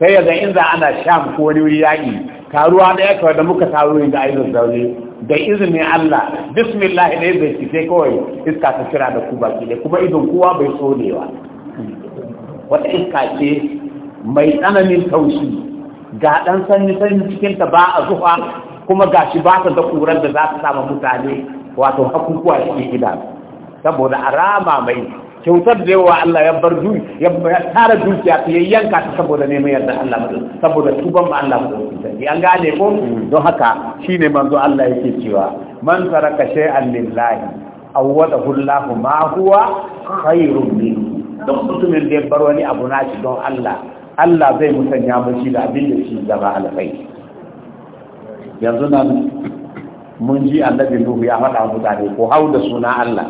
sai ya in za ana sham ko wani wuri yaƙi taruwa ya kawai da muka taro da ainihin zaune da izinin Allah bismillah ne bai ci sai kawai iska ta kira da ku baki ne kuma idan kowa bai so wata iska ce mai tsananin taushi ga ɗan sanyi sanyi cikinta ba a zuwa kuma ga shi ba ta da ƙurar da za ta samu mutane wato hakukuwa da ke gida saboda arama mai kyautar da yawa Allah ya bar ya tara dukiya ta yanka ta saboda neman yarda Allah saboda tuban ba Allah mutum an gane ko don haka shine manzo Allah yake cewa man saraka shay'an lillahi awwadahu Allahu ma huwa khairun minhu don mutumin da ya bar wani abu na shi don Allah Allah zai musanya mashi da abin da shi zama alfai yanzu nan mun ji annabi Nuhu ya faɗa mutane ko hau da suna Allah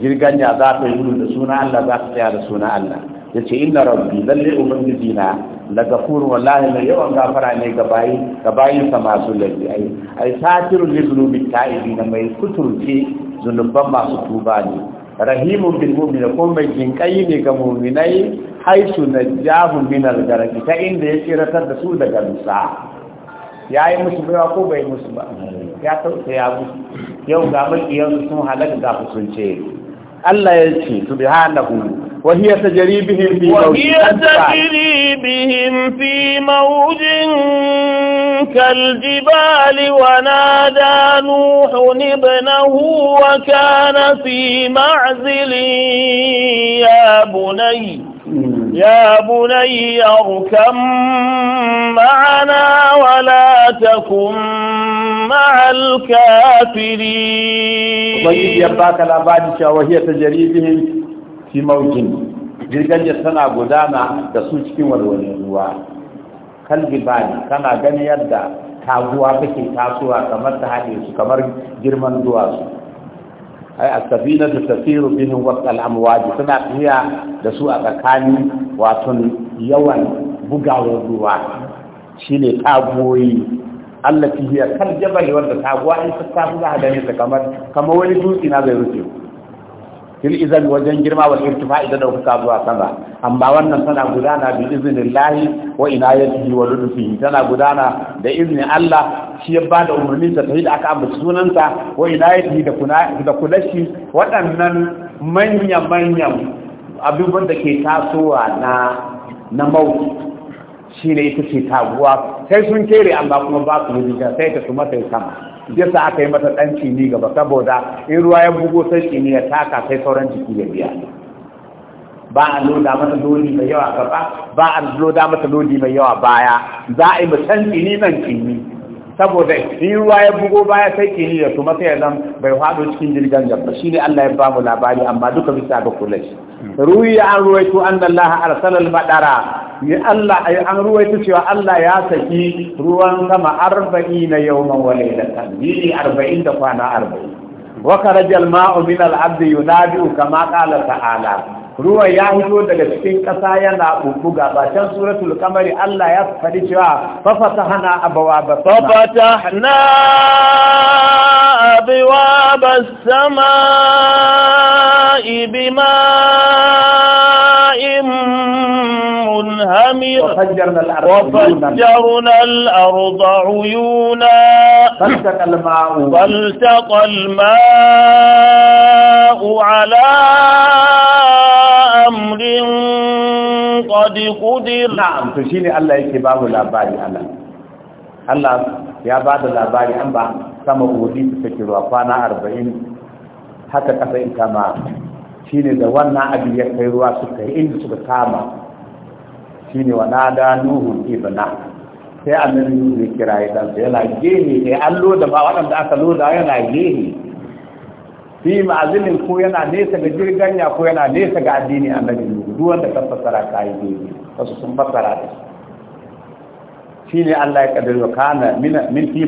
ya za ta yi da suna Allah za ta tsaya da suna Allah ya ce inna rabbi lalle ubangiji na la gafur wallahi yawan gafara ne ga bayi ga bayin sa masu laifi ai ai satiru li zunubi ta'ibi na mai kuturce zunuban masu tuba ne rahimun bilmumin ko mai jinkai ne ga mu'minai haisu na jahun al garaki ta inda ya tsiratar da su daga Ya yi musu baiwa ko bai musu ba ya ya musu yau ga makiyan sun ku sun fusunce Allah ya ce su bi subhanahu وهي تجري بهم في وهي تجري بهم في موج كالجبال ونادى نوح ابنه وكان في معزل يا بني يا بني اركم معنا ولا تكن مع الكافرين وهي يبقى الأباد وهي تجري بهم fi maujin jirgin ya tana gudana da su cikin walwalin ruwa kalbi ne tana gani yadda taguwa take tasowa kamar ta haɗe su kamar girman duwatsu ai asafina ta tafiru bihim waqt al-amwaj tana tafiya da su a tsakanin wato yawan bugawar ruwa shine taguwoyi allati hiya kan jabal wanda taguwa in ta tafi za a gane ta kamar kamar wani dutse na zai rufe fil izan wajen girma wal irtifa'i da dauka zuwa sama amma wannan tana gudana bi iznillahi wa inayatihi wa lutfihi tana gudana da izinin Allah shi ya bada umarni da tafi da aka ambaci sunanta wa inayatihi da kuna da kulashi waɗannan manya manyan abubuwan da ke tasowa na na shi shine ita ce taguwa sai sun kere amma kuma ba su rubuta sai ta kuma sai sama yasa aka yi mata ɗan cini gaba saboda in ruwa ya bugo sai cini ya taka sai sauran jiki ya biya ba a loda mata lodi mai yawa gaba ba a loda mata lodi mai yawa baya za a yi musan cini nan cini saboda in ruwa ya bugo baya sai ke da kuma sai zan bai faɗo cikin jirgin gaba shi ne Allah ya ba mu labari amma duka bisa ga kula shi ruwiya an ruwaito an Allah arsala al-madara ya Allah an ruwaito cewa Allah ya saki ruwan sama 40 na yawman wa laylatan bi arba'in da kwana arba'in. wa kharaja al-ma'u min al-'abdi yunadi kama qala ta'ala ruwa ya hito daga cikin ƙasa yana bubbuga ba can suratul kamari Allah ya faɗi cewa fa fatahna abwaaba fa fatahna abwaaba as-samaa'i bima عامر وفجرنا الأرض وفجرنا الأرض عيونا فالتقى الماء فالتقى الماء على أمر قد قدر نعم تشيني الله يكباب الأباري الله الله يا بعد الأباري أنبع sama uhudu su take ruwa kwana arba'in haka kasa in kama shine da wannan abin ya kai ruwa suka yi inda suka kama shine wa nada nuhu ibna sai a nan ne kira ya dan sai yana gehe sai an loda ba waɗanda aka loda yana gehe fi ma'azinin ko yana nesa ga ya ko yana nesa ga addini annabi nuhu duk wanda ka fassara kai gehe wasu sun fassara da shi shi ne Allah ya kaddara kana min fi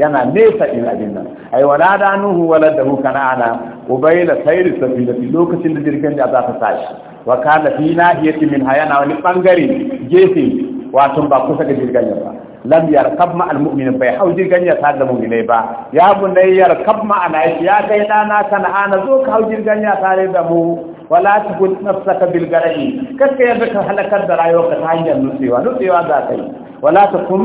yana nesa in abin nan ai da nuhu waladahu kana ala ubayla sayri fi lokacin da jirgin da za ta tashi wa kana fi nahiyati min hayana wani bangare gefe wato ba kusa da jirgin ba lam yarkab ma almu'min bai hau jirgin ya ta da mu'minai ba ya bunai kab ma ana ya kai dana kana ana zo ka hau jirgin ya tare da mu wala tukun nafsaka bil garayi kaska yadda ka halakar da rayuwarka ta hanyar nutsewa nutsewa za ka yi wala takun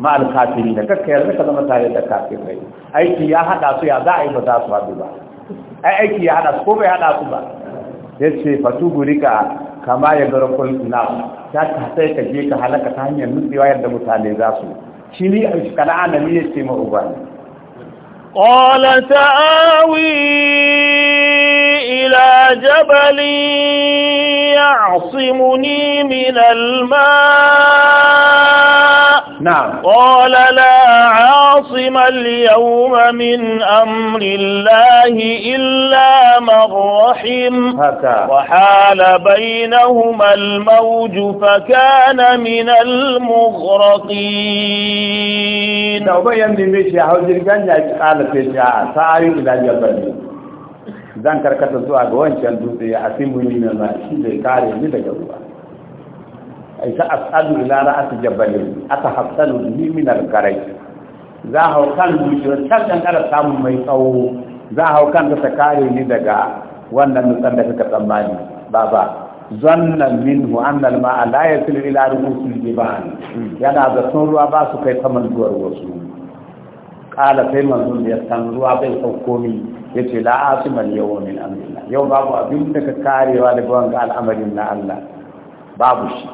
ma'al kafirin da kaska yadda ka zama tare da kafirai aiki ya hada su ya za a yi ba za su hadu ba ai aiki ya hada su ko bai hada su ba yace fatubu rika kama ya gara na ta ka sai ka je ka halaka ta hanyar nutsewa yadda mutane za su shi ne kana ya ce ma ubani qala ta'awi إلى جبل يعصمني من الماء نعم قال لا عاصم اليوم من أمر الله إلا من رحم هكا. وحال بينهما الموج فكان من المغرقين توبة يمدي ميشي حوزي الجنة قال في الشعار إلى جبل zan karkata zuwa ga wancan dutse ya asimu ni na na shi zai kare ni daga ruwa ai ta asadu ila ra'asi jabalin ata hasalu ni min al-garai za hau kan dutse can dan kara samun mai tsawo za hau kan ta kare ni daga wannan dutsen da kika tsammani baba zannan minhu anna al-ma'a la yasilu ila ru'usil jibal yana da sun ruwa ba su kai saman duwar wasu kala sai manzon da ya san ruwa bai sauko min yace la asimal yawma min yau babu abin da ka karewa daga wannan al'amarin na Allah babu shi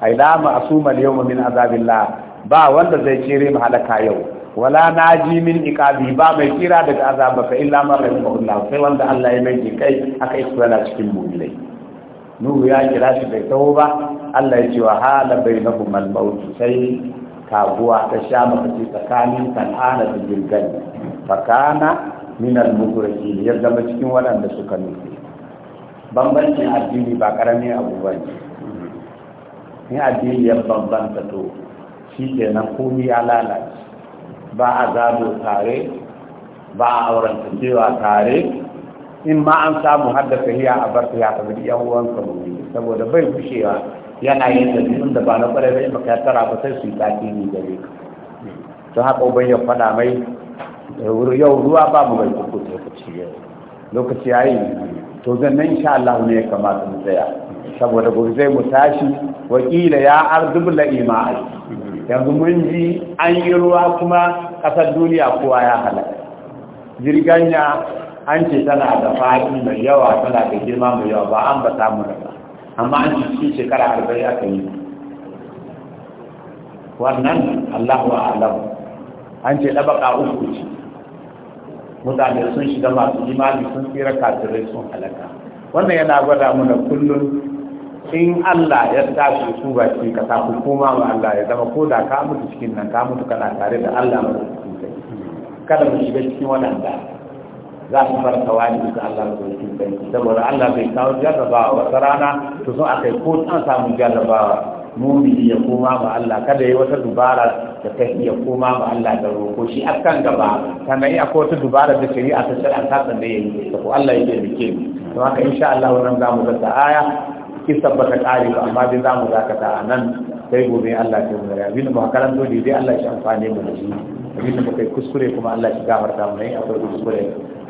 ai la ma'sumal yawma min azabillah ba wanda zai cire mu halaka yau wala naji min iqabi ba mai kira daga azaba fa illa man rahimahullah sai wanda Allah ya mai kai aka isra cikin mu'minai nuhu ya kira shi bai taho ba Allah ya ce wa hala bainakum al-maut sai kaguwa ta sha makaci tsakanin kan'ana da jirgin fakana minal mugurki ya zama cikin waɗanda suka nufi bambancin addini ba ƙaramin abu ba ne addini ya bambanta to shi kenan komi ya lalace ba a zado tare ba a auranta cewa tare in ma an samu haddasa hiya a bar ta ya tafi yan uwansa saboda bai fushewa yana yin dalilin da ba na kware bai baka ya tara ba sai su yi tasiri gare ka don haka uban ya faɗa mai yau ruwa ba mu bai kuku lokaci yau lokaci ya yi to zan nan insha Allah ne ya kamata mu tsaya saboda gobe zai mu tashi wakila ya arzubla imani yanzu mun ji an yi ruwa kuma ƙasar duniya kowa ya halaka jirganya an ce tana da fa'idi mai yawa tana da girma mai yawa ba an ba samu daga amma an cikin shekara arba'in aka yi wannan allahu alam an ce ɗabaka uku ce mutane sun shiga masu imani sun tsira kafirai sun halaka wannan yana gwada mana kullum in Allah ya tashi su ba ce ka sa hukuma ma Allah ya zama ko da ka mutu cikin nan ka mutu kana tare da Allah mai kada mu shiga cikin wannan da za su farka wani da Allah ko shi kai saboda Allah bai kawo jarrabawa wata rana to so akai ko an samu jarrabawa mumini ya koma ma Allah kada yi wata dubara da ta iya koma ma Allah da roko shi akan gaba sannan yi ko wata dubara da shari'a ta shari'a ta tsanda ya yi ko Allah ya da ke to haka insha Allah wannan zamu ga ta aya kisa ba kare ba amma dai zamu zakata a nan sai gobe Allah ya mu rayu mu karanto dai Allah ya amfane mu da shi abinda muka yi kuskure kuma Allah shi gafarta mu ne akwai kuskure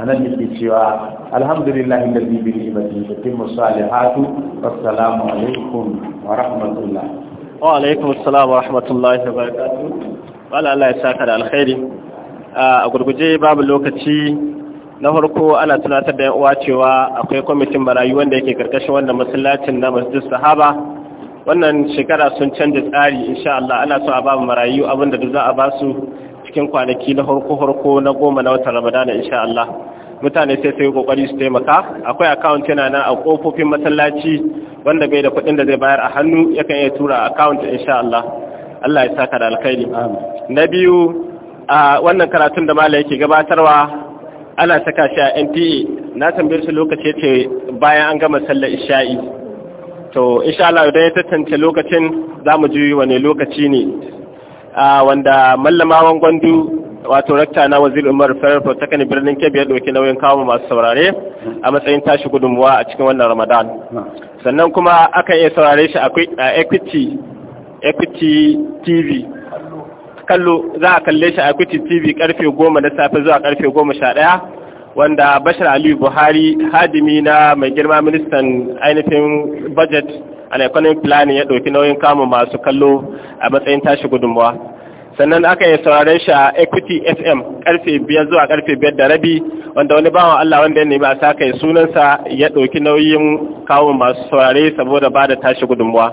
anan yake cewa alhamdulillah alladhi bi ni'matihi tatimmu salihatu assalamu alaikum wa rahmatullah wa alaikum assalam wa rahmatullahi wa barakatuh wala Allah ya saka da alkhairi a gurguje babu lokaci na farko ana tunatar da yan uwa cewa akwai kwamitin barayu wanda yake karkashin wannan masallacin na masjid sahaba wannan shekara sun canza tsari insha Allah ana so a babu marayu abinda da za a ba su cikin kwanaki na harko-harko na goma na watan ramadana insha Allah mutane sai sai kokari su taimaka akwai account yana nan a kofofin masallaci wanda bai da kuɗin da zai bayar a hannu yakan iya tura account insha Allah Allah ya saka da alkhairi na biyu a wannan karatun da mala yake gabatarwa ana saka shi a NTA e. na tambayar su lokaci ce bayan an gama sallar isha'i to insha Allah idan ya tantance lokacin zamu ji wani lokaci ne wanda mallamawan gwandu wato rakta na wazir umar farfar takan birnin kebbi ya ɗauki nauyin kawo masu saurare a matsayin tashi gudunmuwa a cikin wannan ramadan sannan kuma aka iya saurare shi a equity tv kallo za a kalle shi a equity tv karfe goma na safe zuwa karfe goma sha ɗaya wanda bashar aliyu buhari hadimi na mai girma ministan ainihin budget an economic plani ya ɗauki nauyin kama masu kallo a matsayin tashi gudunmawa sannan aka yi sauraren shi a equity fm karfe biyar zuwa karfe biyar da rabi wanda wani bawa allah wanda ya nemi a sa kai sunansa ya ɗauki nauyin kawo masu saurare saboda ba da tashi gudunmawa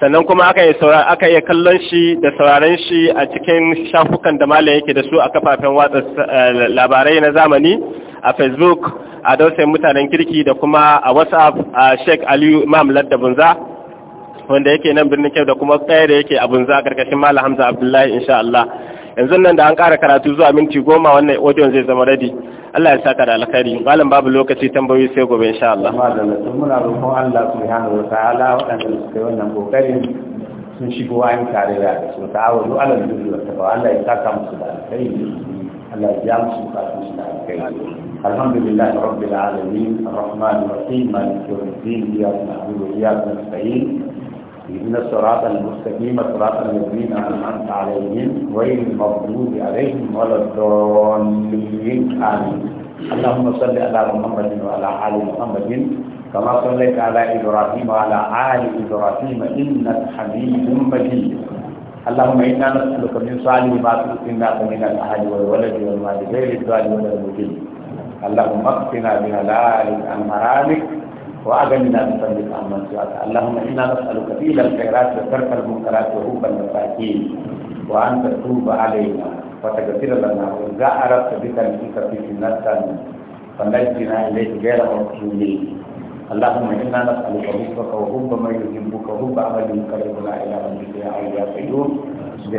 sannan kuma aka yi aka yi kallon shi da sauraren shi a cikin shafukan da malam yake da su a kafafen watsa eh, labarai na zamani a facebook a dausayin mutanen kirki da kuma a whatsapp a sheikh aliyu imam ladda bunza wanda yake nan birnin kyau da kuma tsaye da yake a bunza karkashin malam hamza abdullahi insha Allah yanzu nan da an ƙara karatu zuwa minti goma wannan audio zai zama ready Allah ya saka da alkhairi malam babu lokaci tambayoyi sai gobe insha Allah muna roƙon Allah subhanahu wa ta'ala wadanda suke wannan kokarin sun shigo an tare da su ta awa duk Allah ya saka musu da alkhairi Allah ya ja musu kafin su da alkhairi الحمد لله رب العالمين الرحمن الرحيم مالك يوم الدين اياك نعبد واياك نستعين اهدنا الصراط المستقيم صراط الذين انعمت عليهم غير المغضوب عليهم ولا الضالين امين اللهم صل على محمد وعلى ال محمد كما صليت على ابراهيم وعلى ال ابراهيم انك حميد مجيد اللهم انا نسالك من صالح ما تؤتي من الاهل والولد والوالدين غير اللهم اقتنا بهلالك عن حرامك واغننا بفضلك عمن سواك اللهم انا نسالك فيل الخيرات وترك المنكرات وحب المساكين وان تتوب علينا وتغفر لنا واذا اردت بك لك في سنه فنجنا اليك غير مقصودين اللهم انا نسالك حبك وحب من يحبك وحب عمل يقربنا الى ربك يا حي يا قيوم